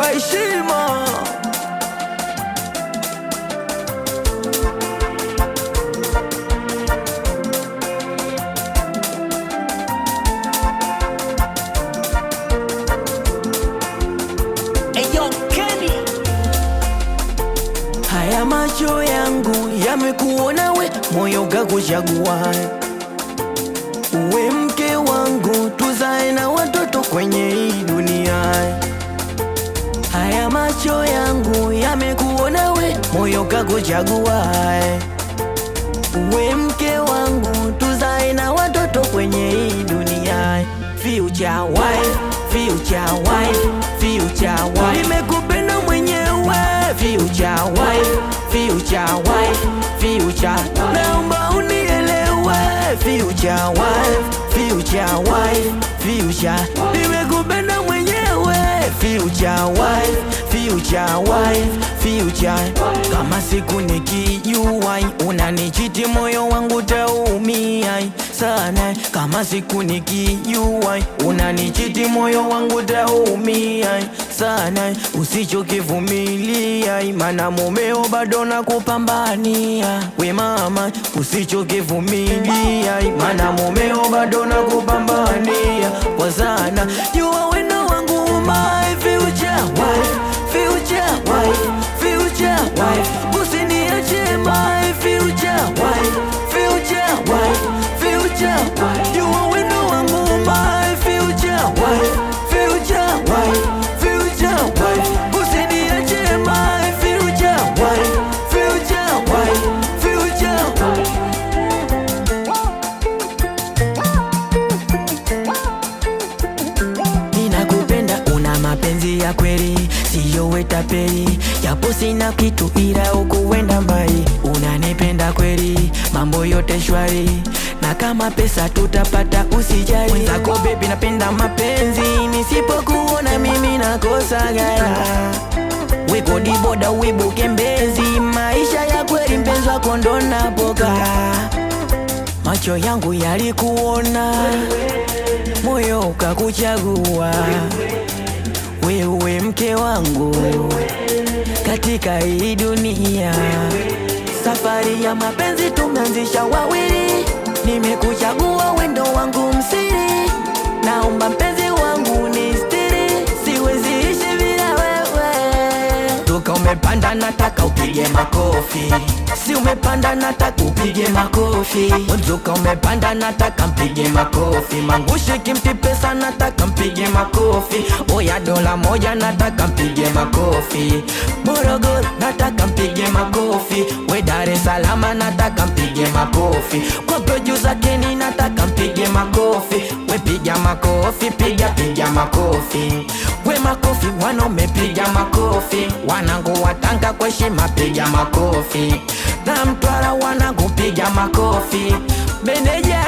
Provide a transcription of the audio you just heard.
wa heshima. macho yangu yamekuona we, moyo gakuchagua yangu yamekuona we, moyo kakuchagua we, mke wangu, tuzae na watoto kwenye hii dunia. Future wife, future wife, future wife, nimekupenda mwenyewe. Future wife, future wife, future, naomba unielewe. Future wife, future wife, future, nimekupenda mwenyewe. Future wife future wife, future. Kama siku nikijua unanichiti moyo wangu taumia sana, kama siku nikijua unanichiti moyo wangu taumia sana, usichokivumilia mana mumeo bado nakupambania, we mama, usichokivumilia mana mumeo bado nakupambania kwa sana kweli, siyo wetapeli, japo sina kitu ila ukuenda mbali, unanipenda kweli, mambo yote shwari, na kama pesa tutapata usijali, wenzako baby, napenda mapenzi, nisipokuona mimi nakosa gala, weko diboda wibu maisha ya kweli, mpenzwa wako napoka, macho yangu yalikuona, moyo ukakuchagua yangu katika hii dunia. Safari ya mapenzi tumeanzisha wawili, nimekuchagua wendo wangu msiri, naomba mpenzi wangu stiri, siwezi ishi bila wewe. Toka umepanda nataka upige mako makofi. Si umepanda nataka upige makofi. Mzuka umepanda nataka mpige makofi. Mangushi kimti pesa nataka mpige makofi. Oya dola moja nataka mpige makofi. Morogoro nataka mpige makofi. We Dar es Salaam nataka mpige makofi. Kwa producer Kenny makofi, piga piga makofi, we makofi, wanaume piga makofi, wanangu watanga kweshima piga makofi, na Mtwara wanangu piga makofi, meneja